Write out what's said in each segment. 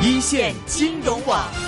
一線金融網。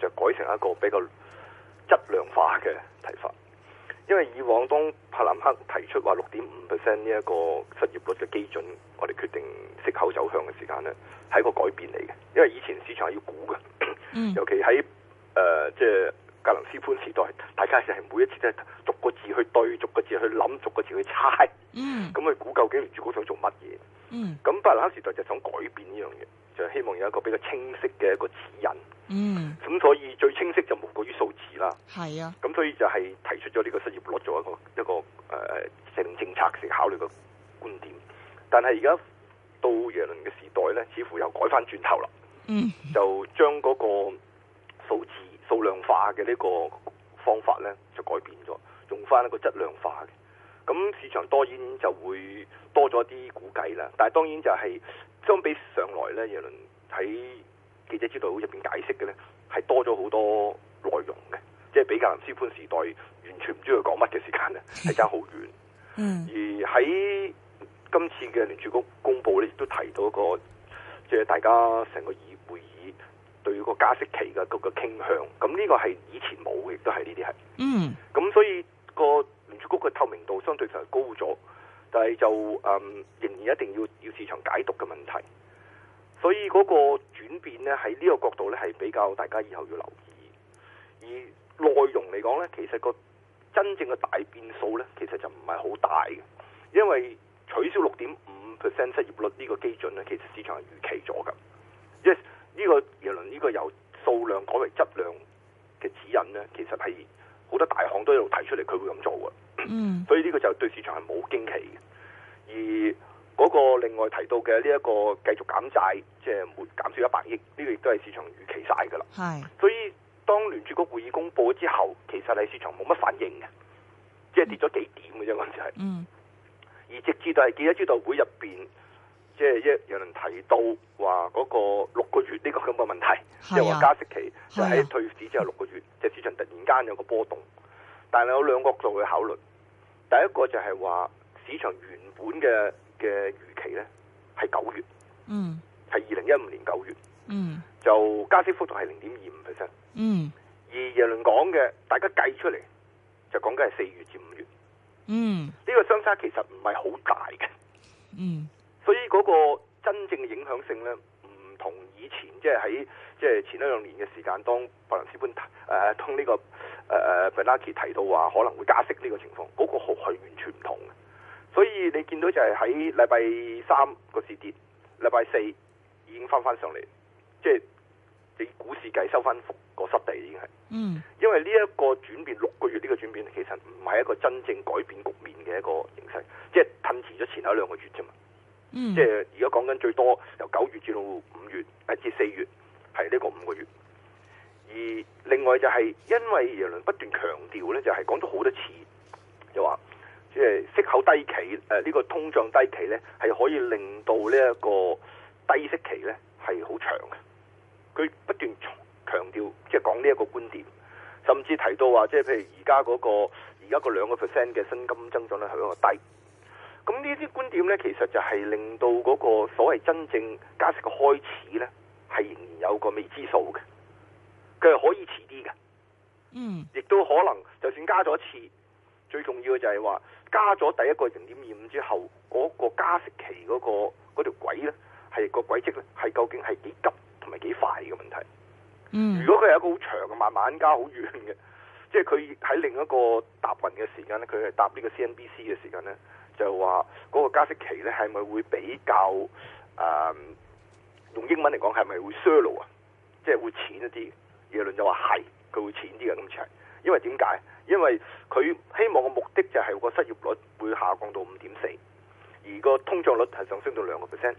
就改成一個比較質量化嘅提法，因為以往當柏南克提出話六點五 percent 呢一個失業率嘅基準，我哋決定息口走向嘅時間咧，係一個改變嚟嘅。因為以前市場係要估嘅，尤其喺誒即係格林斯潘時代，大家就係每一次都係逐個字去對，逐個字去諗，逐個字去猜。嗯，咁去估究，究竟聯儲局想做乜嘢？嗯，咁柏南克時代就想改變呢樣嘢。就希望有一個比較清晰嘅一個指引。嗯，咁所以最清晰就莫過於數字啦。係啊，咁所以就係提出咗呢個失業率做一個一個誒成、呃、政策性考慮嘅觀點，但係而家到耶倫嘅時代咧，似乎又改翻轉頭啦。嗯，就將嗰個數字數量化嘅呢個方法咧，就改變咗，用翻一個質量化嘅。咁市場當然就會多咗啲估計啦。但係當然就係、是。相比上來咧，耶倫喺記者招待會入邊解釋嘅咧，係多咗好多內容嘅，即係比較林斯潘時代完全唔知佢講乜嘅時間咧，係爭好遠。嗯，而喺今次嘅聯儲局公佈咧，亦都提到一個，即係大家成個議會議對於個加息期嘅嗰個傾向，咁呢個係以前冇嘅，亦都係呢啲係。嗯，咁所以個聯儲局嘅透明度相對就係高咗。但係就，是、就嗯仍然一定要要市場解讀嘅問題，所以嗰個轉變咧喺呢個角度咧係比較，大家以後要留意。而內容嚟講咧，其實個真正嘅大變數咧，其實就唔係好大嘅，因為取消六點五 percent 失業率呢個基準咧，其實市場係預期咗嘅。即係呢個耶倫呢個由數量改為質量嘅指引咧，其實係。好多大行都喺度提出嚟，佢會咁做嘅，所以呢個就對市場係冇驚奇嘅。而嗰個另外提到嘅呢一個繼續減債，即係減少一百億，呢個亦都係市場預期晒㗎啦。係，所以當聯儲局會議公佈咗之後，其實喺市場冇乜反應嘅，即係跌咗幾點嘅啫，我就係、是。嗯。而直至到係記者招待會入邊。即係一耶倫提到話嗰個六個月呢個咁嘅問題，即係話加息期就喺退市之後六個月，即係、啊就是、市場突然間有個波動。但係有兩個角度去考慮，第一個就係話市場原本嘅嘅預期咧係九月，嗯，係二零一五年九月，嗯，就加息幅度係零點二五 percent，嗯，而耶倫講嘅，大家計出嚟就講緊係四月至五月，嗯，呢、這個相差其實唔係好大嘅，嗯。所以嗰個真正嘅影響性咧，唔同以前，即係喺即係前一兩年嘅時間，當白蘭斯潘誒同呢個誒誒 Bernanke 提到話可能會加息呢個情況，嗰、嗰個好係完全唔同嘅。所以你見到就係喺禮拜三個市跌，禮拜四已經翻翻上嚟，即係啲股市計收翻個失地已經係，嗯，因為呢一個轉變六個月呢個轉變，轉變其實唔係一個真正改變局面嘅一個形勢，即係褪遲咗前一兩個月啫嘛。嗯、即係而家講緊最多由九月至到五月，一至四月係呢個五個月。而另外就係因為耶倫不斷強調咧，就係講咗好多次，就話即係息口低企，誒、這、呢個通脹低企咧，係可以令到呢一個低息期咧係好長嘅。佢不斷強調即係講呢一個觀點，甚至提到話即係譬如而家嗰個而家個兩個 percent 嘅薪金增長咧係一個低。咁呢啲觀點呢，其實就係令到嗰個所謂真正加息嘅開始呢，係仍然有個未知數嘅。佢係可以遲啲嘅，嗯，亦都可能就算加咗一次，最重要嘅就係話加咗第一個零點二五之後，嗰個加息期嗰個嗰條軌呢，係個軌跡呢，係究竟係幾急同埋幾快嘅問題。嗯，如果佢係一個好長嘅，慢慢加好遠嘅，即係佢喺另一個搭運嘅時間，佢係搭呢個 CNBC 嘅時間呢。就話嗰個加息期咧，係咪會比較、嗯、用英文嚟講係咪會 shallow 啊？即係會淺一啲？耶倫就話係，佢會淺啲嘅咁就係，因為點解？因為佢希望個目的就係個失業率會下降到五點四，而個通脹率係上升到兩個 percent。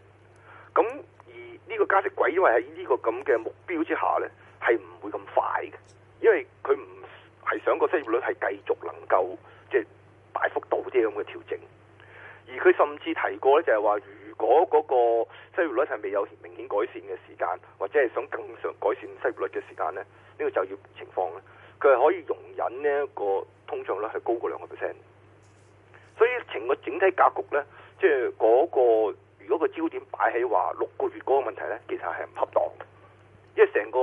咁而呢個加息軌因為喺呢個咁嘅目標之下咧，係唔會咁快嘅，因為佢唔係想個失業率係繼續能夠即係、就是、大幅度啲咁嘅調整。而佢甚至提過咧，就係話，如果嗰個失業率係未有明顯改善嘅時間，或者係想更上改善失業率嘅時間咧，呢、呢個就業情況咧，佢係可以容忍呢一個通脹率係高過兩個 percent。所以成個整體格局咧，即係嗰個如果個焦點擺喺話六個月嗰個問題咧，其實係唔恰當，因為成個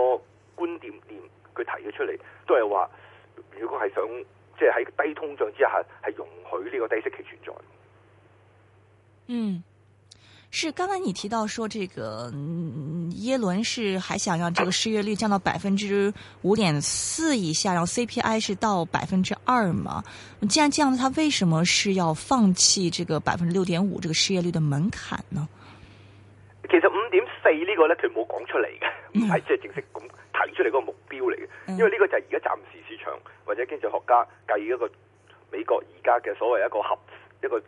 觀點點，佢提咗出嚟，都係話如果係想即係喺低通脹之下係容許呢個低息期存在。嗯，是，剛才你提到說這個耶倫是還想讓這個失業率降到百分之五點四以下，然後 CPI 是到百分之二嘛？既然這樣子，他為什麼是要放棄這個百分之六點五這個失業率的門檻呢？其實五點四呢個呢，佢冇講出嚟嘅，唔係即係正式咁提出嚟嗰個目標嚟嘅。嗯，因為呢個就係而家暫時市場或者經濟學家計一個美國而家嘅所謂一個合一個。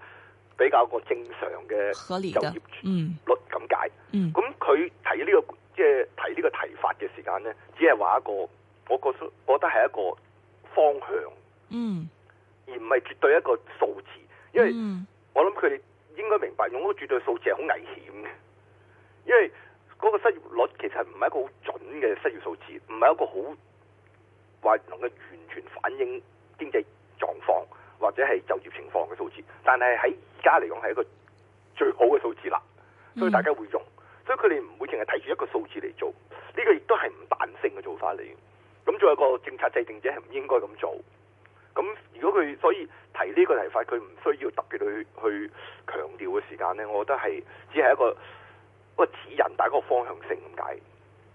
比較個正常嘅就業率咁解。咁佢睇呢個即係睇呢個提法嘅時間咧，只係話一個，我覺得覺得係一個方向，嗯、而唔係絕對一個數字。因為我諗佢哋應該明白，用到絕對的數字係好危險嘅，因為嗰個失業率其實唔係一個好準嘅失業數字，唔係一個好話能夠完全反映經濟狀況。或者係就業情況嘅數字，但係喺而家嚟講係一個最好嘅數字啦、嗯，所以大家會用，所以佢哋唔會淨係睇住一個數字嚟做，呢個亦都係唔彈性嘅做法嚟。咁仲有個政策制定者係唔應該咁做。咁如果佢所以提呢個提法，佢唔需要特別去去強調嘅時間呢，我覺得係只係一個一個指引，帶一個方向性咁解。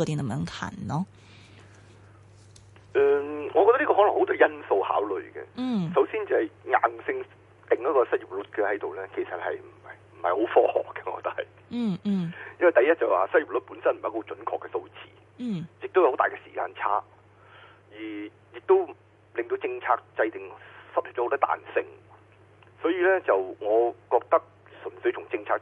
固定嘅門檻咯，嗯，我覺得呢個可能好多因素考慮嘅，嗯，首先就係硬性定的一個失業率嘅喺度咧，其實係唔係唔係好科學嘅，我覺得係，嗯嗯，因為第一就話失業率本身唔係好準確嘅數字，嗯，亦都有好大嘅時間差，而亦都令到政策制定失去咗好多彈性，所以咧就我覺得純粹從政策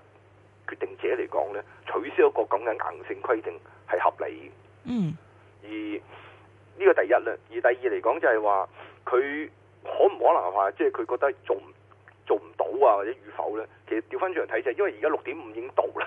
決定者嚟講咧，取消一個咁嘅硬性規定係合理嘅。嗯，而呢、這個第一啦，而第二嚟講就係話佢可唔可能話，即係佢覺得做做唔到啊，或者與否咧？其實調翻轉嚟睇就係，因為而家六點五已經到啦，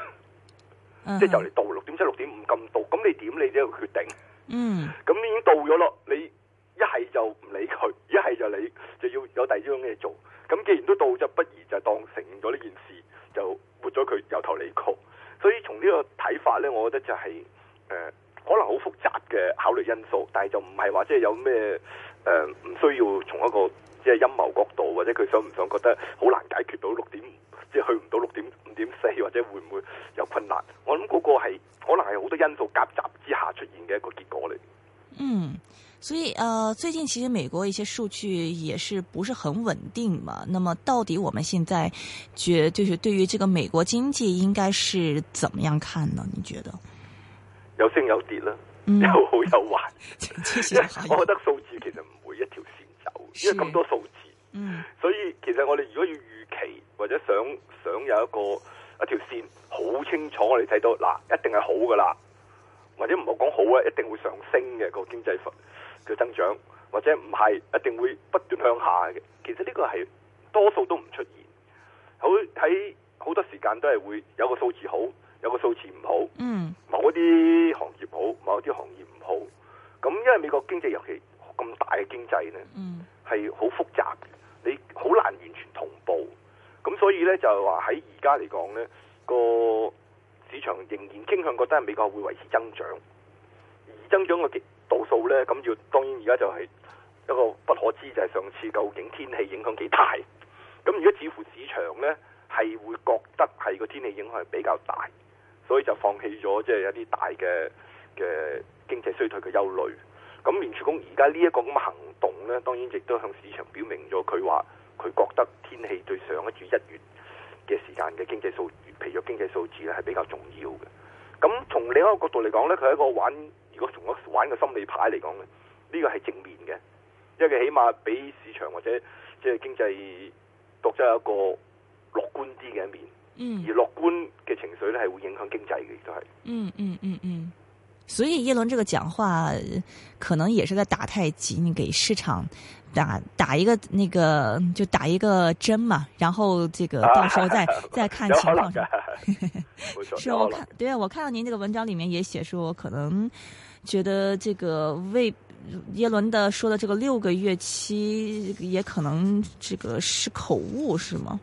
嗯，即係就嚟到六點七、六點五咁到，咁你點？你呢個決定？嗯，咁你已經到咗咯，你一係就唔理佢，一係就你就要有第二樣嘢做。咁既然都到，就不如就當承認咗呢件事就。活咗佢由頭嚟過，所以從呢個睇法呢，我覺得就係、是、誒、呃、可能好複雜嘅考慮因素，但係就唔係話即係有咩誒唔需要從一個即係、就是、陰謀角度，或者佢想唔想覺得好難解決到六點，即係去唔到六點五點四，或者會唔會有困難？我諗嗰個係可能係好多因素夾雜之下出現嘅一個結果嚟。嗯。所以，呃，最近其實美國一些數據也是不是很穩定嘛？那麼到底我們現在覺就是對於這個美國經濟應該是怎麼樣看呢？你覺得有升有跌啦，有、嗯、好有壞。其實 我覺得數字其實唔會一條線走，因為咁多數字、嗯，所以其實我哋如果要預期或者想想有一個一條線好清楚我，我哋睇到嗱一定係好㗎啦，或者唔好講好啊，一定會上升嘅個經濟。嘅增長或者唔係一定會不斷向下嘅，其實呢個係多數都唔出現。好，喺好多時間都係會有個數字好，有個數字唔好。嗯，某一啲行業好，某一啲行業唔好。咁因為美國經濟尤其咁大嘅經濟呢，係、嗯、好複雜，你好難完全同步。咁所以呢，就係話喺而家嚟講呢，個市場仍然傾向覺得係美國會維持增長，而增長嘅度數呢，咁要當然而家就係一個不可知，就係、是、上次究竟天氣影響幾大？咁如果似乎市場呢，係會覺得係個天氣影響係比較大，所以就放棄咗即係一啲大嘅嘅經濟衰退嘅憂慮。咁連串工而家呢一個咁嘅行動呢，當然亦都向市場表明咗佢話佢覺得天氣對上一次一月嘅時間嘅經濟數，譬如經濟數字呢，係比較重要嘅。咁從另一個角度嚟講呢，佢係一個玩。如果從我玩嘅心理牌嚟講嘅，呢、呢個係正面嘅，因為佢起碼俾市場或者即係經濟獨奏一個樂觀啲嘅一面。嗯。而樂觀嘅情緒咧係會影響經濟嘅，亦都係。嗯嗯嗯嗯。所以耶倫呢個講話可能也是在打太極，你給市場打打一個那個就打一個針嘛，然後這個到時候再、啊、再看情況。 是，我看， 對啊，我看到您呢個文章裏面也寫說，我可能覺得這個為，耶倫的說的這個六個月期，也可能這個是口誤，是嗎？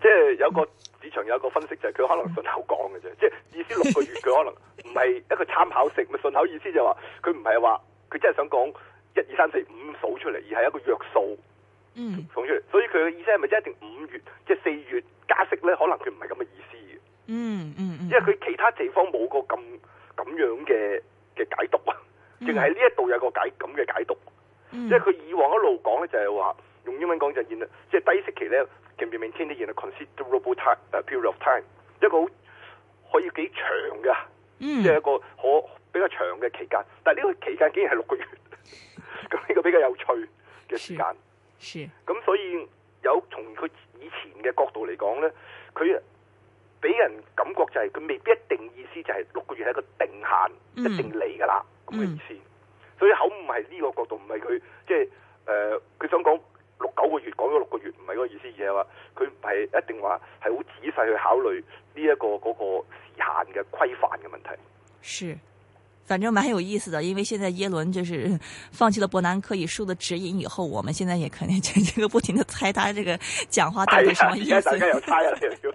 即係有個市場有一個分析就係佢可能順口講嘅啫，即係意思六個月佢可能唔係一個參考性。咪 順口意思就係話佢唔係話佢真係想講一二三四五數出嚟，而係一個約數，數。嗯，數出嚟，所以佢嘅意思係咪即係一定五月即係四月加息咧？可能佢唔係咁嘅意思。嗯嗯，嗯，因為佢其他地方冇個咁咁樣嘅嘅解讀啊，淨係呢一度有個解咁嘅解讀。即係佢以往一路講咧，就係話用英文講就係即係低息期咧，can be maintained in a considerable time，uh, period of time，一個好可以幾長噶，即、嗯、係、就是、一個可比較長嘅期間。但係呢個期間竟然係六個月，咁呢個比較有趣嘅時間。是。咁所以有從佢以前嘅角度嚟講咧，佢。俾人感覺就係佢未必一定意思就係六個月係一個定限，嗯、一定嚟噶啦咁嘅意思。所以口唔係呢個角度，唔係佢即係誒，佢、就是呃、想講六九個月講咗六個月，唔係嗰個意思，而係話佢唔係一定話係好仔細去考慮呢一個嗰、那個時限嘅規範嘅問題。是，反正蠻有意思嘅，因為現在耶倫就是放棄了伯南克以數的指引以後，我們現在也肯定就這個不停的猜他這個講話到底什麼意思。大家有猜啊。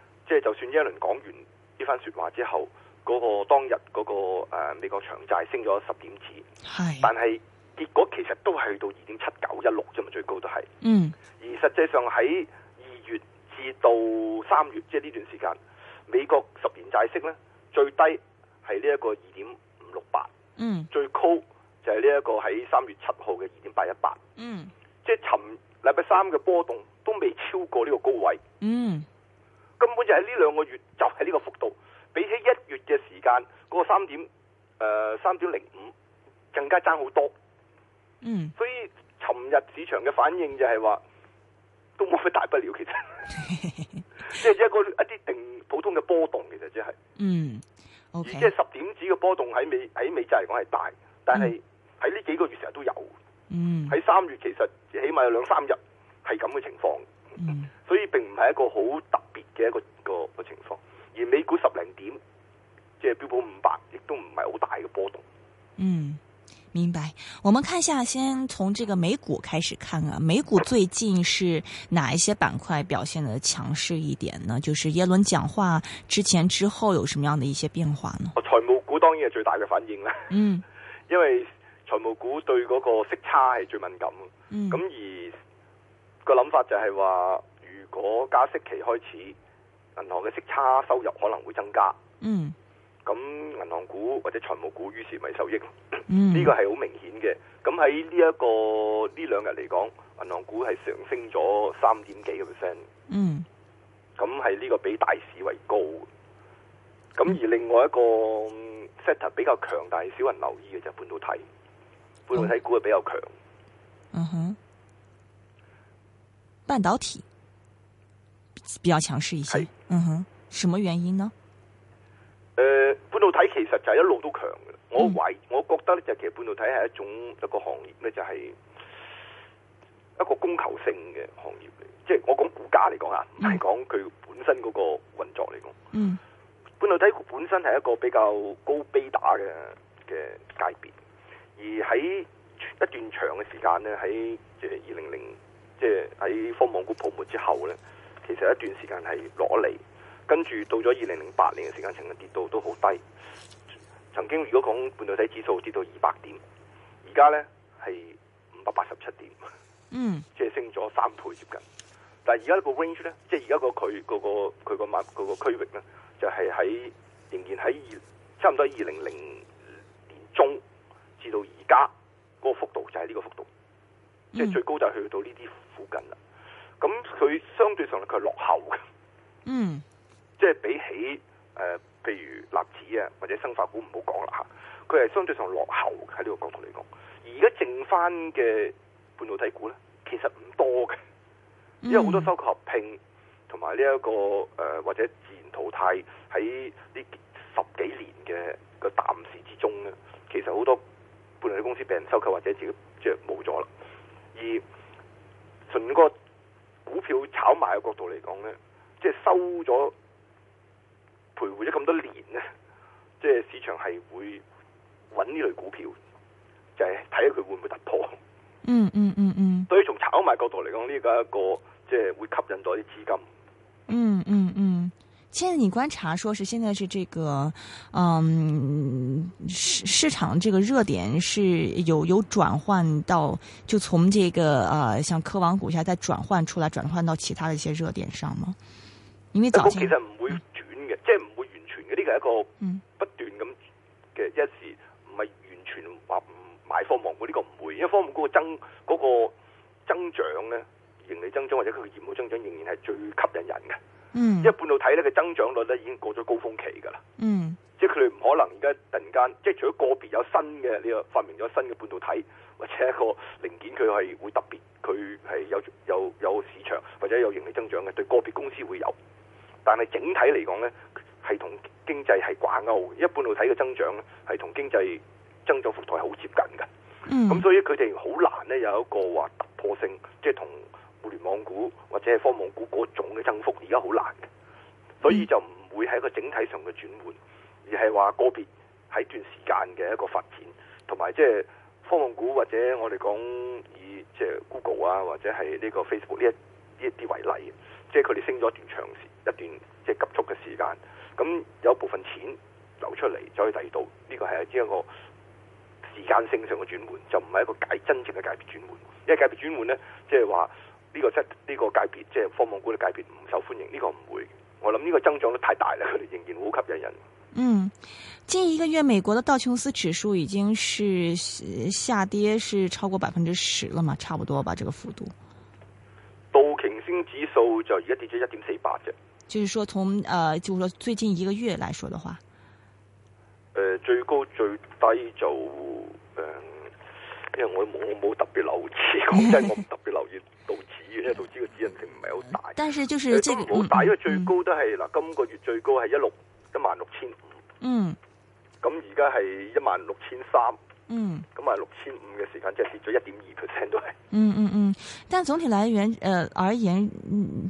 即係，就算耶倫講完呢番說話之後，嗰個當日嗰個誒，美國長債升咗十點子，係，但係結果其實都係去到二點七九一六啫嘛，最高都係。嗯。而實際上喺二月至到三月，即係呢段時間，美國十年債息咧最低係呢一個二點五六八。嗯。最高就係呢一個喺三月七號嘅二點八一八。嗯。即係尋禮拜三嘅波動都未超過呢個高位。嗯。根本就喺呢兩個月就係呢個幅度，比起一月嘅時間嗰、那個三點，誒三點零五更加爭好多。嗯，所以尋日市場嘅反應就係話都冇乜大不了，其實即係 一個一啲定普通嘅波動，其實真、就、係、是。嗯、okay. 而即係十點子嘅波動喺美喺美債嚟講係大，但係喺呢幾個月成日都有。嗯，喺三月其實起碼有兩三日係咁嘅情況。嗯。所以並唔係一個好突嘅一個個個情況，而美股十零點，即係標普五百，亦都唔係好大嘅波動。嗯，明白。我們看一下，先從這個美股開始看啊。美股最近是哪一些板塊表現得強勢一點呢？就是耶倫講話之前之後有什麼樣的一些變化呢？財務股當然係最大嘅反應啦。嗯，因為財務股對嗰個息差係最敏感的。嗯，咁而個諗法就係話。嗰加息期開始，銀行嘅息差收入可能會增加。嗯，咁銀行股或者財務股於是咪受益？呢個係好明顯嘅。咁喺呢一個呢兩日嚟講，銀行股係上升咗三點幾個 percent。嗯，咁係呢個比大市為高。咁、嗯、而另外一個 setter 比較強，但係少人留意嘅就係、是、半導體，半導體股係比較強。嗯哼，半導體。比較強勢一些，嗯哼，什麼原因呢？誒、呃，半導體其實就一路都強嘅。我、嗯、疑，我覺得咧就其實半導體係一種一個行業咧就係一個供求性嘅行業嚟，即、就、係、是、我講股價嚟講啊，唔係講佢本身嗰個運作嚟講。嗯，半導體本身係一個比較高 Beta 嘅嘅界別，而喺一段長嘅時間咧，喺即係二零零，即係喺科網股泡沫之後咧。其實一段時間係攞嚟，跟住到咗二零零八年嘅時間，曾經跌到都好低。曾經如果講半導體指數跌到二百點，而家咧係五百八十七點，嗯、mm.，即係升咗三倍接近。但係而家個 range 咧，即係而家個佢、嗰個佢、嗰個嗰個區域咧，就係、是、喺仍然喺二，差唔多二零零年中，至到而家嗰個幅度就係呢個幅度，mm. 即係最高就係去到呢啲附近啦。咁佢相對上佢係落後嘅。嗯，即係比起、呃、譬如納指啊，或者生化股唔好講啦嚇，佢係相對上落後喺呢個角度嚟講。而家剩翻嘅半導體股咧，其實唔多嘅，因為好多收購合併同埋呢一個、呃、或者自然淘汰喺呢十幾年嘅個淡市之中咧，其實好多半導體公司被人收購或者自己即係冇咗啦。而順哥。股票炒賣嘅角度嚟講咧，即係收咗徘徊咗咁多年咧，即係市場係會揾呢類股票，就係睇下佢會唔會突破。嗯嗯嗯嗯。所、嗯、以、嗯、從炒賣角度嚟講，呢、這個係一個即係會吸引到啲資金。嗯嗯。現在你觀察，說是現在是這個，嗯，市市場這個熱點是有有轉換到，就從這個呃，像科網股下再轉換出來，轉換到其他的一些熱點上嗎？因為早期其實唔會轉嘅，即係唔會完全嘅，呢個係一個不斷咁嘅一時唔係完全話唔買科網股呢個唔會，因為科網股增、嗰個增長咧，盈利增長或者佢嘅業務增長仍然係最吸引人嘅。嗯，一半嗯，即半導體咧嘅增長率咧已經過咗高峰期噶啦，嗯，即係佢哋唔可能而家突然間，即係除咗個別有新嘅呢個發明咗新嘅半導體或者一個零件，佢係會特別佢係有有有市場或者有盈利增長嘅，對個別公司會有，但係整體嚟講咧係同經濟係掛鈎，一半導體嘅增長咧係同經濟增長幅度好接近嘅，嗯，咁所以佢哋好難咧有一個話突破性，即係同。互聯網股或者係科網股嗰種嘅增幅而家好難，所以就唔會係一個整體上嘅轉換，而係話個別喺段時間嘅一個發展，同埋即係科網股或者我哋講以即係 Google 啊或者係呢個 Facebook 呢一呢啲為例，即係佢哋升咗一段長時一段即係急速嘅時間，咁有部分錢流出嚟走去第二度，呢個係一個時間性上嘅轉換，就唔係一個解真正嘅界決別轉換，因為界別轉換咧即係話。呢、這個即呢、這個界別，即係科網股嘅界別唔受歡迎，呢、這個唔會。我諗呢個增長都太大啦，佢哋仍然好吸引人。嗯，近一個月美國嘅道瓊斯指數已經是下跌，是超過百分之十啦嘛，差唔多吧，這個幅度。道瓊斯指數就而家跌咗一點四八啫。就是說從，從、呃、誒，就是說，最近一個月來說的話。誒、呃，最高最低就誒、呃，因為我我冇特別留意，講真，我唔特別留意道 指引性唔係好大，但係就是好、這個、大，因為最高都係嗱、嗯嗯，今個月最高一六一萬六千五，嗯，咁而家一萬六千三，嗯，咁啊六千五嘅時間即係跌咗一點二 percent 都係嗯嗯嗯，但總總體來源、呃、而言，嗯。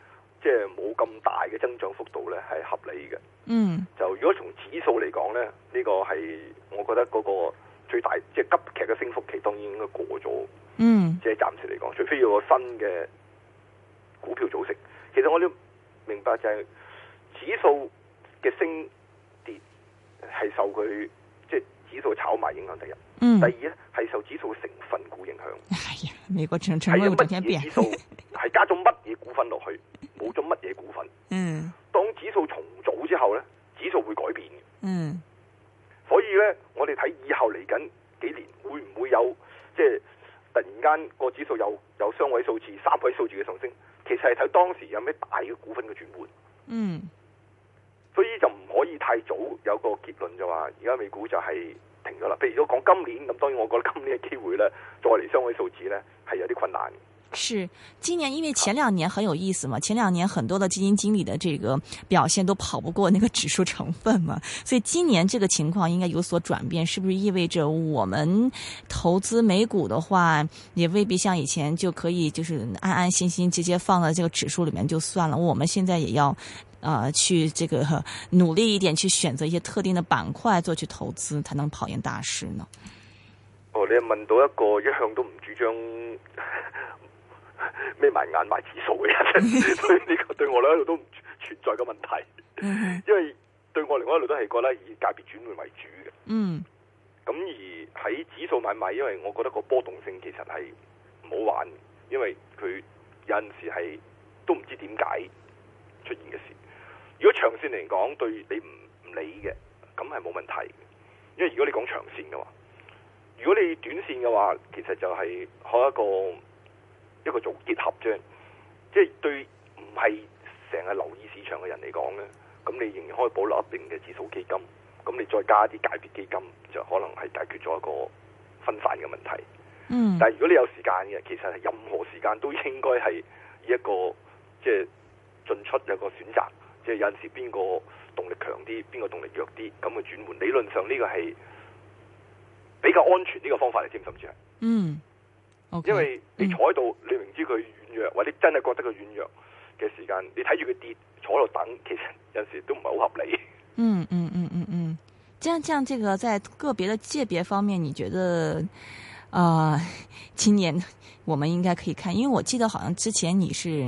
即係冇咁大嘅增長幅度咧，係合理嘅。嗯、mm.，就如果從指數嚟講咧，呢、這個係我覺得嗰個最大即係、就是、急劇嘅升幅期，當然應該過咗。嗯、mm.，即係暫時嚟講，除非有個新嘅股票組成。其實我哋明白就係指數嘅升跌係受佢即係指數炒賣影響第一。嗯，第二咧係受指數成分股影響。係、哎、呀，美國場場乜嘢指數係 加咗乜嘢股份落去，冇咗乜嘢股份。嗯，當指數重組之後咧，指數會改變嘅。嗯，所以咧，我哋睇以後嚟緊幾年會唔會有即係、就是、突然間個指數有有雙位數字、三位數字嘅上升？其實係睇當時有咩大嘅股份嘅轉換。嗯，所以就唔可以太早有個結論就話而家美股就係。譬如果講今年咁，當然我覺得今年嘅機會呢，再嚟雙位數字呢，係有啲困難嘅。是今年因為前兩年很有意思嘛，啊、前兩年很多的基金經理的這個表現都跑不過那個指數成分嘛，所以今年這個情況應該有所轉變，是不是意味着我們投資美股的話，也未必像以前就可以，就是安安心心直接放在這個指數裏面就算了？我們現在也要。啊、呃，去這個努力一點，去選擇一些特定的板塊做去投資，才能跑贏大市呢？哦，你問到一個一向都唔主張眯埋眼買指數嘅人，呢 個對我嚟講一路都唔存在嘅問題， 因為對我嚟講一路都係覺得以界別轉換為主嘅。嗯，咁而喺指數買賣，因為我覺得個波動性其實係唔好玩，因為佢有陣時係都唔知點解出現嘅事。如果長線嚟講，對你唔唔理嘅，咁係冇問題嘅。因為如果你講長線嘅話，如果你短線嘅話，其實就係開一個一個做結合啫。即係對唔係成日留意市場嘅人嚟講咧，咁你仍然可以保留一定嘅指數基金，咁你再加啲解決基金，就可能係解決咗一個分散嘅問題。嗯。但係如果你有時間嘅，其實係任何時間都應該係以一個即係進出有個選擇。即係有陣時邊個動力強啲，邊個動力弱啲，咁去轉換。理論上呢個係比較安全，呢個方法你知唔知？係。嗯。因為你坐喺度、嗯，你明知佢軟弱，或者你真係覺得佢軟弱嘅時間，你睇住佢跌，坐喺度等，其實有陣時都唔係好合理。嗯嗯嗯嗯嗯，即、嗯、樣、嗯嗯、這樣，呢個在個別嘅界別方面，你覺得？啊、呃，今年我們應該可以看，因為我記得好像之前你是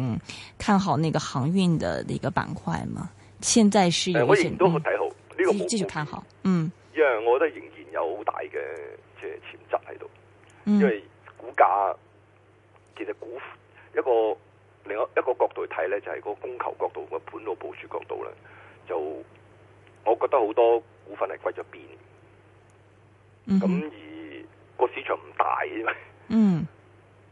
看好那個航運的一個板塊嘛，現在是有、呃，我仍然都好睇好，呢、嗯，這個繼續看好，嗯，因為我覺得仍然有好大嘅即係潛質喺度，因為股價其實股一個另外一,一個角度去睇咧，就係、是、個供求角度個盤路部署角度咧，就我覺得好多股份係貴咗邊，咁、嗯、而。個市場唔大啊嘛，嗯，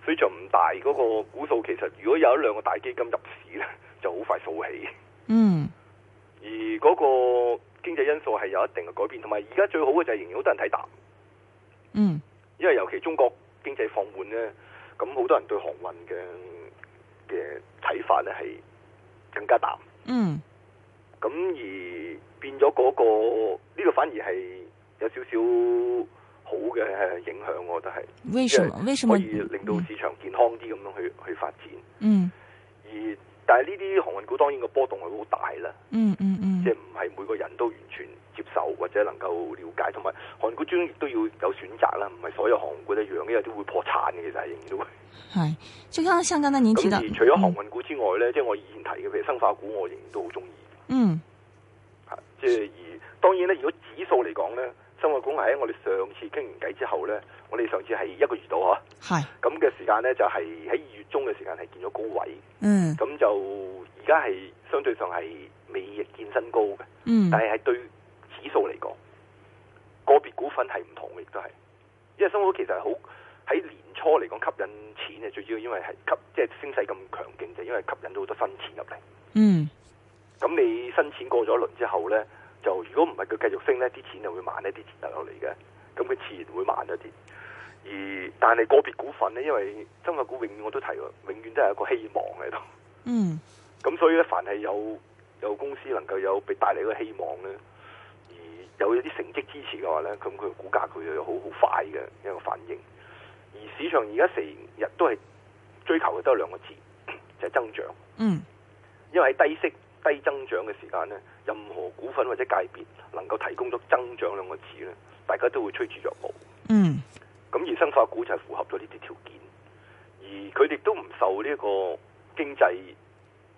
市場唔大，嗰個股數其實如果有一兩個大基金入市咧，就好快掃起，嗯，而嗰個經濟因素係有一定嘅改變，同埋而家最好嘅就係仍然好多人睇淡，嗯，因為尤其中國經濟放緩咧，咁好多人對航運嘅嘅睇法咧係更加淡，嗯，咁而變咗嗰個呢個反而係有少少。好嘅影響，我覺得係，即係可以令到市場健康啲咁樣去，嗯、去發展。嗯，而但係呢啲航運股當然個波動係好大啦。嗯嗯嗯，即係唔係每個人都完全接受或者能夠了解，同埋航運股最終都要有選擇啦，唔係所有航運股一樣因為都會破產嘅，其實係仍然都會。係，即係相當多年而除咗航運股之外咧，嗯，即係我以前提嘅，譬如生化股，我仍然都好中意。嗯，啊，即係而當然咧，如果指數嚟講咧。生活股係喺我哋上次傾完偈之後咧，我哋上次係一個月度嗬，咁嘅時間咧就係喺二月中嘅時間係見咗高位，咁、嗯、就而家係相對上係未見新高嘅、嗯，但係係對指數嚟講，個別股份係唔同嘅，亦都係，因為生活股其實好喺年初嚟講吸引錢嘅，最主要因為係吸即係升勢咁強勁，就是、因為吸引咗好多新錢入嚟。嗯，咁你新錢過咗輪之後咧？就如果唔係佢繼續升咧，啲錢就會慢一啲流落嚟嘅。咁佢自然會慢一啲。而但係個別股份咧，因為增發股永遠我都提過，永遠都係一個希望喺度。嗯。咁所以咧，凡係有有公司能夠有俾帶嚟一個希望咧，而有一啲成績支持嘅話咧，咁佢股價佢要好好快嘅一個反應。而市場而家成日都係追求嘅都係兩個字，就係增長。嗯。因為低息。低增長嘅時間，任何股份或者界別能夠提供到增長兩個字，大家都會趨之若鶩。嗯，咁而生化股就符合咗呢啲條件，而佢哋都唔受呢個經濟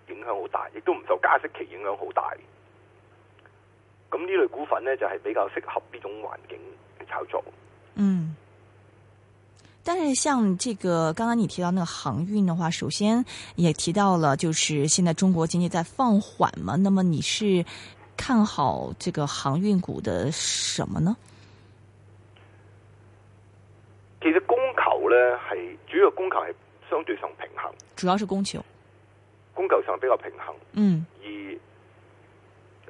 影響好大，亦都唔受加息期影響好大。咁呢類股份呢，就係比較適合呢種環境嘅炒作。嗯。但是像這個，剛剛你提到那個航運的話，首先也提到了，就是現在中國經濟在放緩嘛。那麼你是看好這個航運股的什麼呢？其實供求呢，係主要供求係相對上平衡，主要是供求，供求上比較平衡。嗯。而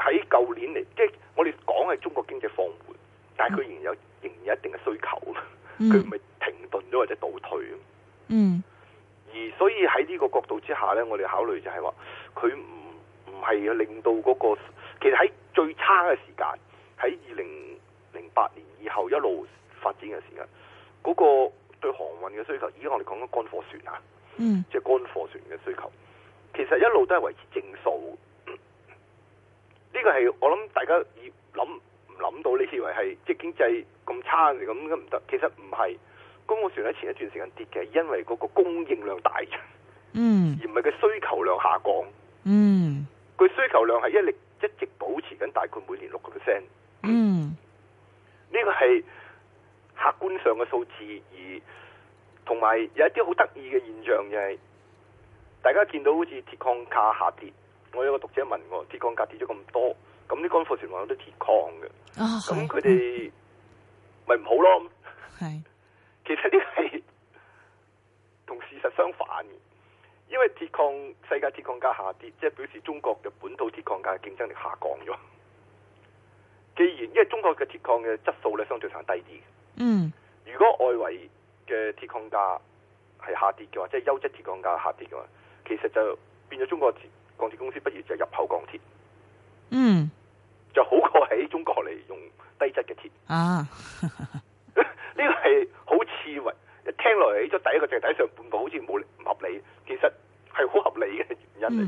喺舊年嚟，即係我哋講係中國經濟放緩，但係佢仍然有、嗯、仍然有一定嘅需求。佢唔係。停頓咗或者倒退，嗯，而所以喺呢個角度之下呢，我哋考慮就係話，佢唔唔係令到嗰個，其實喺最差嘅時間，喺二零零八年以後一路發展嘅時間，嗰個對航運嘅需求，而家我哋講緊乾貨船啊，嗯，即係乾貨船嘅需求，其實一路都係維持正數，呢個係我諗大家以諗唔諗到，你以為係即係經濟咁差咁都唔得，其實唔係。公共船喺前一段時間跌嘅，係因為嗰個供應量大，嗯，而唔係佢需求量下降，嗯，佢需求量係一力一直保持緊，大概每年六個 percent，嗯，呢個係客觀上嘅數字，而同埋有一啲好得意嘅現象就係，大家見到好似鐵礦價下跌，我有個讀者問我，鐵礦價跌咗咁多，咁啲乾貨船運有啲鐵礦嘅，咁佢哋咪唔好咯？係。其實呢個係同事實相反嘅，因為鐵礦世界鐵礦價下跌，即係表示中國嘅本土鐵礦價嘅競爭力下降咗。既然因為中國嘅鐵礦嘅質素咧相對上低啲，嗯，如果外圍嘅鐵礦價係下跌嘅話，即係優質鐵礦價下跌嘅話，其實就變咗中國鐵鋼鐵公司不如就入口鋼鐵，嗯，就好過喺中國嚟用低質嘅鐵啊。 思維一聽落嚟，起咗第一個淨係睇上半部好似冇唔合理，其實係好合理嘅原因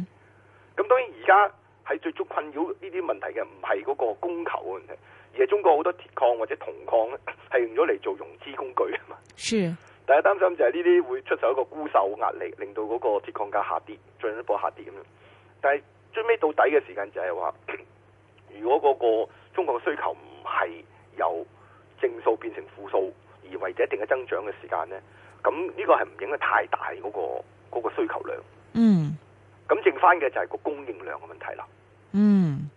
咁、嗯、當然而家係最足困擾呢啲問題嘅唔係嗰個供求嘅問題，而係中國好多鐵礦或者銅礦咧係用咗嚟做融資工具啊嘛。但係擔心就係呢啲會出售一個沽售壓力，令到嗰個鐵礦價下跌，進一步下跌咁。但係最尾到底嘅時間就係話，如果嗰個中國嘅需求唔係由正數變成負數。而為者一定嘅增長嘅時間咧，咁呢個係唔影響太大嗰個嗰個需求量。嗯，咁剩翻嘅就係個供應量嘅問題啦。嗯，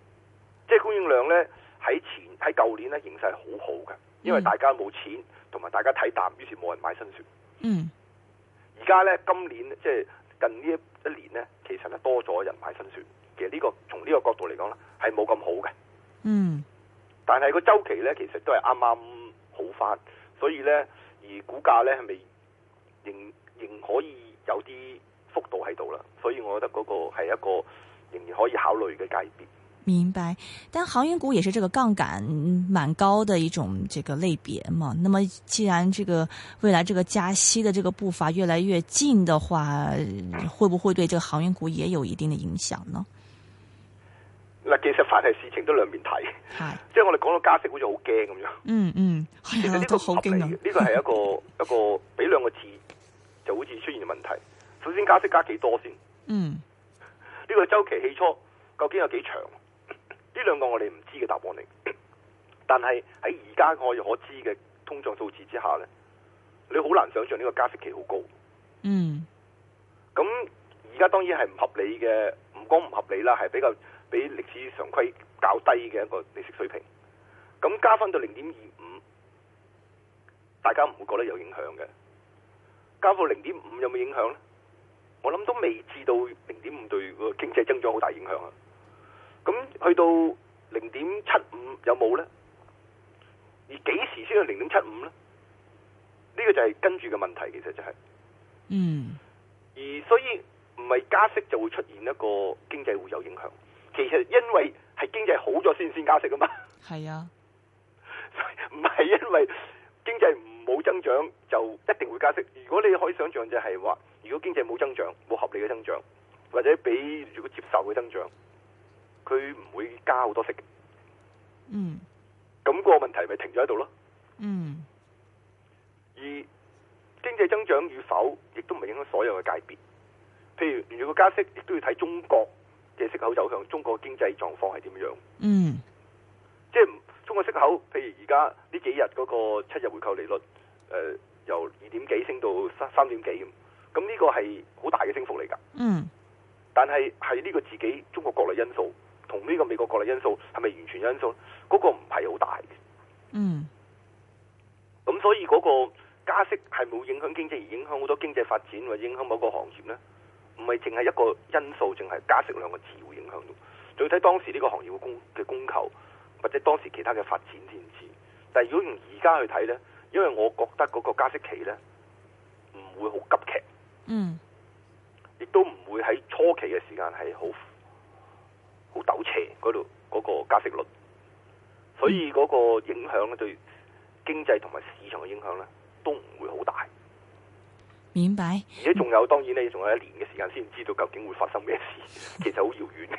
即係供應量咧喺前喺舊年咧形勢係好好嘅，因為大家冇錢同埋大家睇淡，於是冇人買新船。嗯，而家咧今年即係近呢一一年咧，其實咧多咗人買新船。其實呢個從呢個角度嚟講咧，係冇咁好嘅。嗯，但係個周期咧其實都係啱啱好翻。所以呢，而股價呢，係咪仍仍可以有啲幅度喺度啦？所以我覺得嗰個係一個仍然可以考慮嘅界別。明白，但航運股也是這個槓桿蠻高的一種這個類別嘛。那麼既然這個未來這個加息的這個步伐越來越近的話，會不會對這個航運股也有一定的影響呢？嗱，其實凡係事情都兩面睇，即係、就是、我哋講到加息好似好驚咁樣。嗯嗯，其實呢個好合理，呢、這個係一個 一個俾兩個字，就好似出現嘅問題。首先加息加幾多先？嗯，呢、這個周期起初究竟有幾長？呢兩個我哋唔知嘅答案嚟，但係喺而家我哋可知嘅通脹數字之下咧，你好難想像呢個加息期好高。嗯，咁而家當然係唔合理嘅，唔講唔合理啦，係比較。比歷史常規較低嘅一個利息水平，咁加翻到零點二五，大家唔會覺得有影響嘅。加到零點五有冇影響咧？我諗都未至到零點五對個經濟增長好大影響啊。咁去到零點七五有冇咧？而幾時先到零點七五咧？呢個就係跟住嘅問題，其實就係嗯。而所以唔係加息就會出現一個經濟會有影響。其實因為係經濟好咗先先加息噶嘛，係啊，唔係因為經濟唔冇增長就一定會加息。如果你可以想象就係話，如果經濟冇增長，冇合理嘅增長，或者比如果接受嘅增長，佢唔會加好多息。嗯，咁個問題咪停咗喺度咯。嗯，而經濟增長與否，亦都唔係影響所有嘅界別。譬如，如果加息，亦都要睇中國。嘅息口走向，中國經濟狀況係點樣？嗯，即係中國息口，譬如而家呢幾日嗰個七日回購利率，誒、呃、由二點幾升到三三點幾，咁呢個係好大嘅升幅嚟㗎。嗯，但係係呢個自己中國國內因素同呢個美國國內因素係咪完全因素？嗰個唔係好大嘅。嗯，咁所以嗰個加息係冇影響經濟，而影響好多經濟發展，或者影響某個行業咧？唔係淨係一個因素，淨係加息兩個字會影響到。仲要睇當時呢個行業嘅供嘅供求，或者當時其他嘅發展先至。但係如果用而家去睇呢，因為我覺得嗰個加息期呢唔會好急劇，嗯，亦都唔會喺初期嘅時間係好好陡斜嗰度嗰個加息率，所以嗰個影響對經濟同埋市場嘅影響呢都唔會好大。明白，而且仲有當然咧，仲有一年嘅時間先知道究竟會發生咩事，其實好遙遠。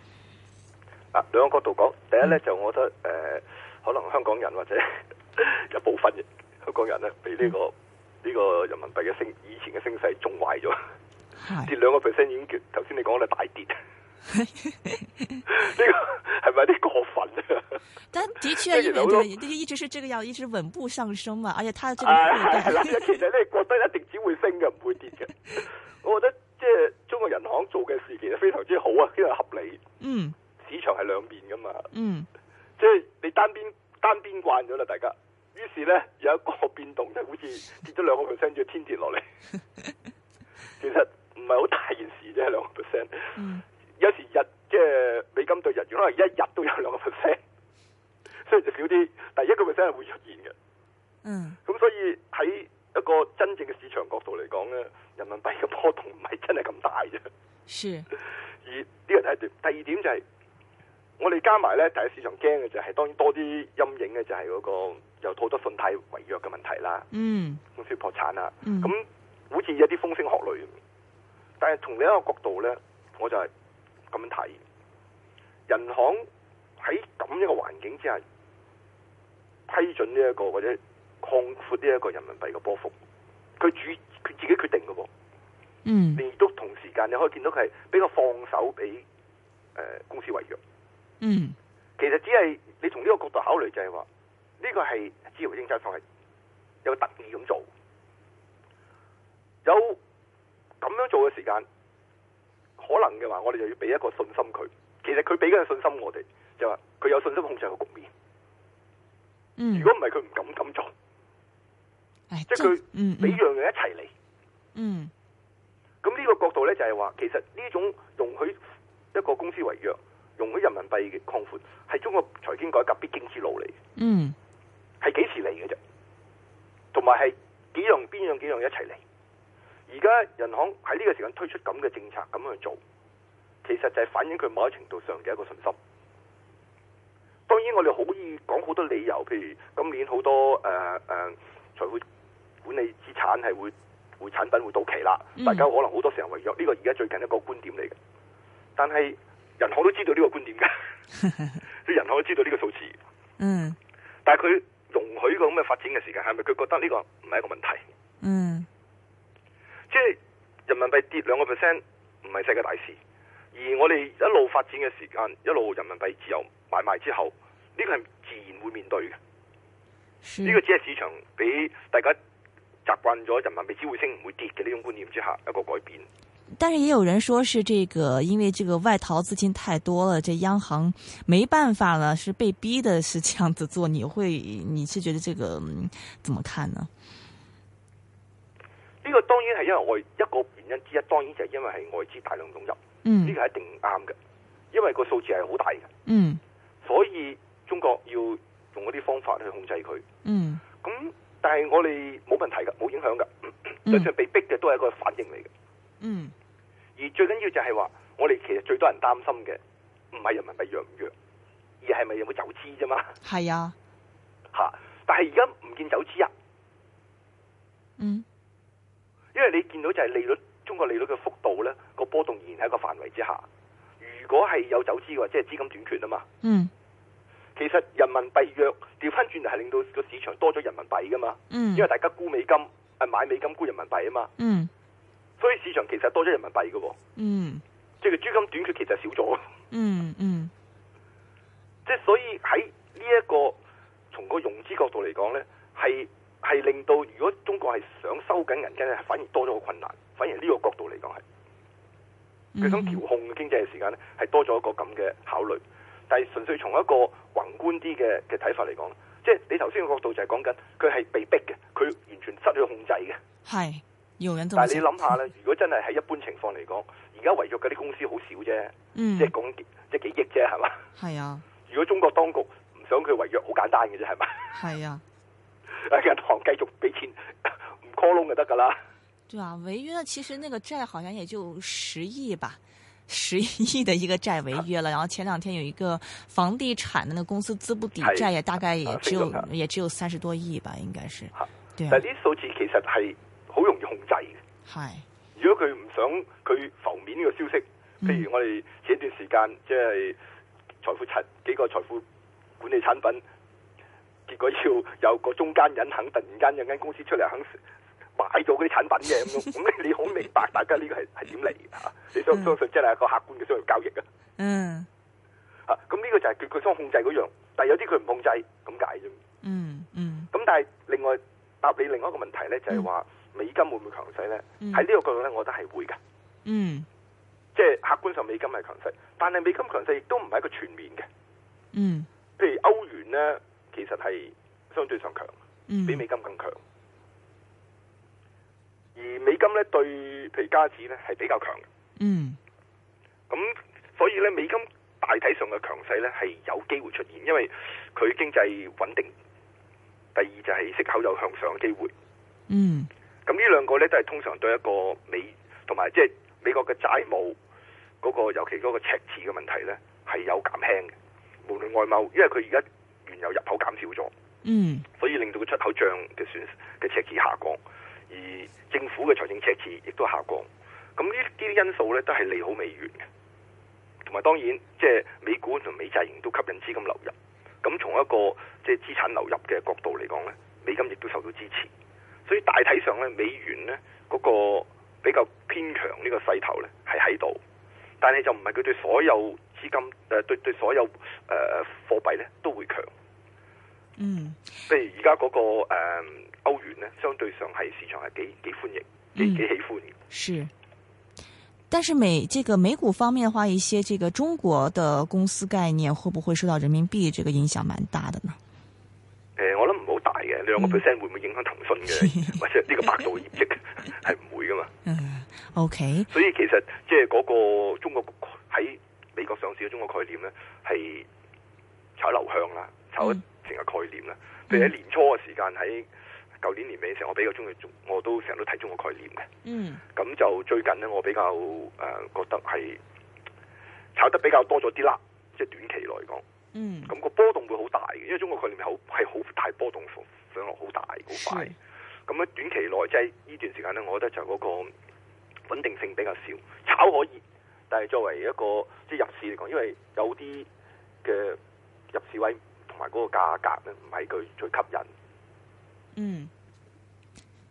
啊，兩個角度講，第一咧就我覺得誒、呃，可能香港人或者一 部分香港人咧，俾呢、這個呢、這個人民幣嘅升以前嘅升勢縱壞咗，跌兩個 percent 已經叫頭先你講咧大跌，呢、 這個係咪有啲過分啊？但係的確，一直係一直係咁樣，一直穩步上升嘛。而且佢嘅匯率，其實你覺得一定只會升嘅，唔會跌嘅。我覺得即係、就是、中國銀行做嘅事件非常之好啊，非常合理。嗯。市場係兩面噶嘛，嗯，即係你單邊單邊慣咗啦，大家，於是咧有一個變動就好似跌咗兩個 percent，之後天跌落嚟， 其實唔係好大件事啫，兩個 percent，有時日即係美金對日元可能一日都有兩個 percent，雖然就少啲，但一個 percent 係會出現嘅，嗯，咁所以喺一個真正嘅市場角度嚟講咧，人民幣嘅波動唔係真係咁大啫，而呢個第一點，第二點就係、是。我哋加埋咧，第一市場驚嘅就係、是、當然多啲陰影嘅、那個，就係嗰個有好多信貸違約嘅問題啦。嗯，公司破產啦。咁、嗯、好似有啲風聲鶴唳。但係從另一個角度咧，我就係咁樣睇，人行喺咁樣嘅環境之下批准呢、這、一個或者擴闊呢一個人民幣嘅波幅，佢主佢自己決定嘅噃。嗯。你亦都同時間你可以見到佢係比較放手俾誒、呃、公司違約。嗯，其實只係你從呢個角度考慮就係話，呢、這個係自由政策，所以有特意咁做，有咁樣做嘅時間，可能嘅話我哋就要俾一個信心佢。其實佢俾緊信心我哋，就話、是、佢有信心控制個局面。嗯，如果唔係佢唔敢咁做，啊、即係佢俾樣樣一齊嚟。嗯，咁、嗯、呢個角度咧就係話，其實呢種容許一個公司違約。用咗人民幣嘅擴闊係中國財經改革必經之路嚟嘅，嗯，係幾時嚟嘅啫？同埋係幾樣邊樣幾樣一齊嚟？而家人行喺呢個時間推出咁嘅政策咁樣去做，其實就係反映佢某一程度上嘅一個信心。當然我哋可以講好多理由，譬如今年好多誒誒、呃呃、財富管理資產係會會產品會到期啦、嗯，大家可能好多時候違約，呢、這個而家最近一個觀點嚟嘅，但係，人行都知道呢個觀點嘅，啲人行都知道呢個數字。 嗯，但係佢容許個咁嘅發展嘅時間係咪？佢覺得呢個唔係一個問題。嗯，即係人民幣跌兩個 percent 唔係世界大事，而我哋一路發展嘅時間，一路人民幣自由買賣之後，呢、這個係自然會面對嘅。呢個只係市場俾大家習慣咗人民幣只會升唔會跌嘅呢種觀念之下有個改變。但是也有人說是這個，因為這個外逃資金太多了，這央行沒辦法了，是被逼的，是這樣子做。你會，你是覺得這個怎麼看呢？呢個當然係因為外一個原因之一，當然就係因為係外資大量湧入。嗯，呢個係一定啱嘅，因為個數字係好大嘅。嗯，所以中國要用嗰啲方法去控制佢。嗯，咁但係我哋冇問題噶，冇影響噶，嗯，就算被逼嘅都係一個反應嚟嘅。嗯。而最緊要就係話，我哋其實最多人擔心嘅唔係人民幣弱唔弱，而係咪有冇走資啫嘛？係啊，吓！但係而家唔見走資啊。嗯。因為你見到就係利率，中國利率嘅幅度咧，個波動仍然喺一個範圍之下。如果係有走資嘅話，即係資金短缺啊嘛。嗯。其實人民幣弱調返轉嚟，係令到個市場多咗人民幣噶嘛。嗯。因為大家沽美金，係買美金沽人民幣啊嘛。嗯。所以市場其實多咗人民幣嘅喎。哦，嗯，即、就、係、是、資金短缺其實是少咗，嗯嗯，即、就、係、是、所以喺呢一個從個融資角度嚟講咧，係係令到如果中國係想收緊銀根咧，反而多咗個困難，反而呢個角度嚟講係佢想調控嘅經濟嘅時間咧，係多咗一個咁嘅考慮。但係純粹從一個宏觀啲嘅嘅睇法嚟講，即、就、係、是、你頭先嘅角度就係講緊佢係被逼嘅，佢完全失去控制嘅，係。想但係你諗下咧，如果真係喺一般情況嚟講，而家違約嗰啲公司好少啫，即、嗯、係講即係幾億啫，係嘛？係啊！如果中國當局唔想佢違約，好簡單嘅啫，係嘛？係啊！銀行繼續俾錢，唔 call 窿就得噶啦。對啊，違約其實那個債好像也就十億吧，十億的一個債違約了。啊、然後前兩天有一個房地產的那個公司資不抵債，也大概也就、啊、也只有三十、啊、多億吧，應該是。啊對啊、但係啲數字其實係。好容易控制嘅，係。如果佢唔想佢浮面呢個消息，譬如我哋前一段時間即係財富七幾個財富管理產品，結果要有個中間人肯突然間有間公司出嚟肯買咗嗰啲產品嘅咁樣，咁 你你好明白大家呢個係係點嚟吓？你相唔相信即係一個客觀嘅商業交易啊。嗯。吓、啊，咁呢個就係佢佢想控制嗰樣，但係有啲佢唔控制，咁解啫。嗯嗯。咁但係另外答你另外一個問題咧，就係、是、話。嗯美金會唔會強勢咧？喺、嗯、呢個角度咧，我覺得係會嘅。嗯，即係客觀上美金係強勢，但係美金強勢亦都唔係一個全面嘅。嗯，譬如歐元咧，其實係相對上強、嗯，比美金更強。而美金咧對譬如加紙咧係比較強嘅。嗯，咁所以咧美金大體上嘅強勢咧係有機會出現，因為佢經濟穩定。第二就係息口有向上嘅機會。嗯。咁呢兩個呢，都係通常對一個美同埋即係美國嘅債務嗰、嗰個，尤其嗰個赤字嘅問題呢，係有減輕嘅。無論外貿，因為佢而家原油入口減少咗，嗯，所以令到佢出口漲嘅損嘅赤字下降，而政府嘅財政赤字亦都下降。咁呢啲因素呢，都係利好美元嘅，同埋當然即係、即係、美股同美債型都吸引資金流入。咁從一個即係資產流入嘅角度嚟講呢，美金亦都受到支持。所以大體上咧，美元咧、嗰、那個比較偏強呢個勢頭咧係喺度，但係就唔係佢對所有資金誒、呃、對對所有誒貨幣咧都會強。嗯，即係而家嗰個誒歐、呃、元咧，相對上係市場係幾幾歡迎，幾幾、嗯、喜歡的。是，但是美這個美股方面嘅話，一些這個中國嘅公司概念，會不會受到人民幣這個影響，蠻大的呢？誒、呃，我。兩個 percent 會唔會影響騰訊嘅， 或者呢個百度嘅業績係唔會噶嘛？嗯，O K。所以其實即係嗰個中國喺美國上市嘅中國概念咧，係炒流向啦，炒成個概念啦。譬如喺年初嘅時間喺舊年年尾嘅時候，我比較中意中，我都成日都睇中國概念嘅。嗯。咁就最近咧，我比較誒覺得係炒得比較多咗啲啦，即係短期嚟講。嗯。咁個波動會好大嘅，因為中國概念口係好大波動的漲落好大好快，咁喺短期內即係呢段時間咧，我覺得就嗰個穩定性比較少，炒可以，但係作為一個即係入市嚟講，因為有啲嘅入市位同埋嗰個價格咧，唔係佢最吸引。嗯。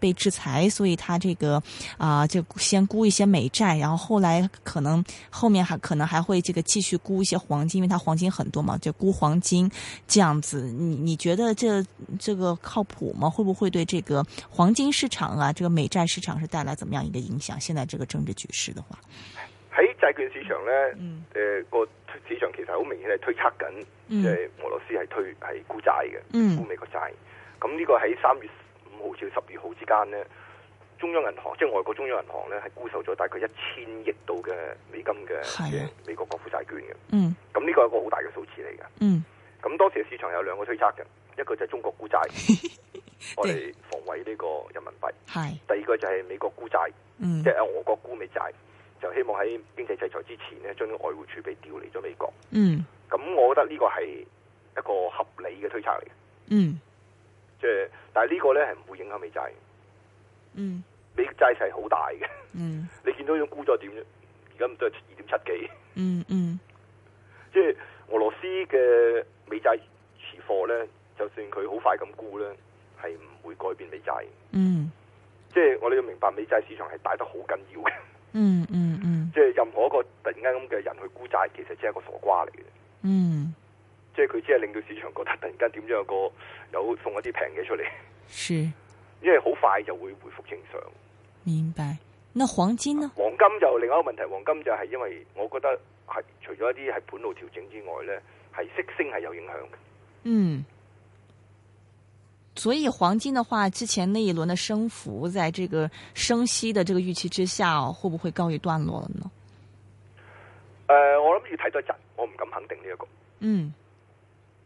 被制裁，所以他這個啊、呃，就先沽一些美債，然後後來可能後面還可能還會這個繼續沽一些黃金，因為他黃金很多嘛，就沽黃金這樣子。你你覺得這這個靠譜嗎？會不會對這個黃金市場啊，這個美債市場是帶來怎麼樣一個影響？現在這個政治局勢的話，在債券市場呢，嗯、呃，個市場其實好明顯係推測緊，即、嗯、係、就是、俄羅斯係推係沽債嘅，沽、嗯、美國債。咁、嗯、呢、這個喺三月。好少十二號之間呢，中央銀行即係外國中央銀行呢，係沽售咗大概一千億度嘅美金嘅美國國庫債券嘅。嗯，咁呢個係一個好大嘅數字嚟嘅。嗯，咁當時嘅市場有兩個推測嘅，一個就係中國沽債， 我哋防衞呢個人民幣。係，第二個就係美國沽債，嗯、即係啊，俄國沽美債，就希望喺經濟制裁之前呢，將外匯儲備調離咗美國。嗯，咁我覺得呢個係一個合理嘅推測嚟嘅。嗯。即係，但係呢個咧係唔會影響美債。嗯，美債勢好大嘅。嗯，你見到種沽咗點？而家唔都係二點七幾？嗯嗯。即係俄羅斯嘅美債持貨咧，就算佢好快咁沽咧，係唔會改變美債。嗯。即係我哋要明白美債市場係大得好緊要嘅。嗯嗯嗯。即係任何一個突然間咁嘅人去沽債，其實只係一個傻瓜嚟嘅。嗯。即係佢只係令到市場覺得突然間點咗有個有送一啲平嘅出嚟，是，因為好快就會回復正常。明白，那黃金呢？啊、黃金就另外一個問題，黃金就係因為我覺得係除咗一啲係盤路調整之外咧，係息升係有影響嘅。嗯，所以黃金嘅話，之前那一輪嘅升幅，在這個升息的這個預期之下，會不會告一段落了呢？誒、呃，我諗要睇多一陣，我唔敢肯定呢、這、一個。嗯。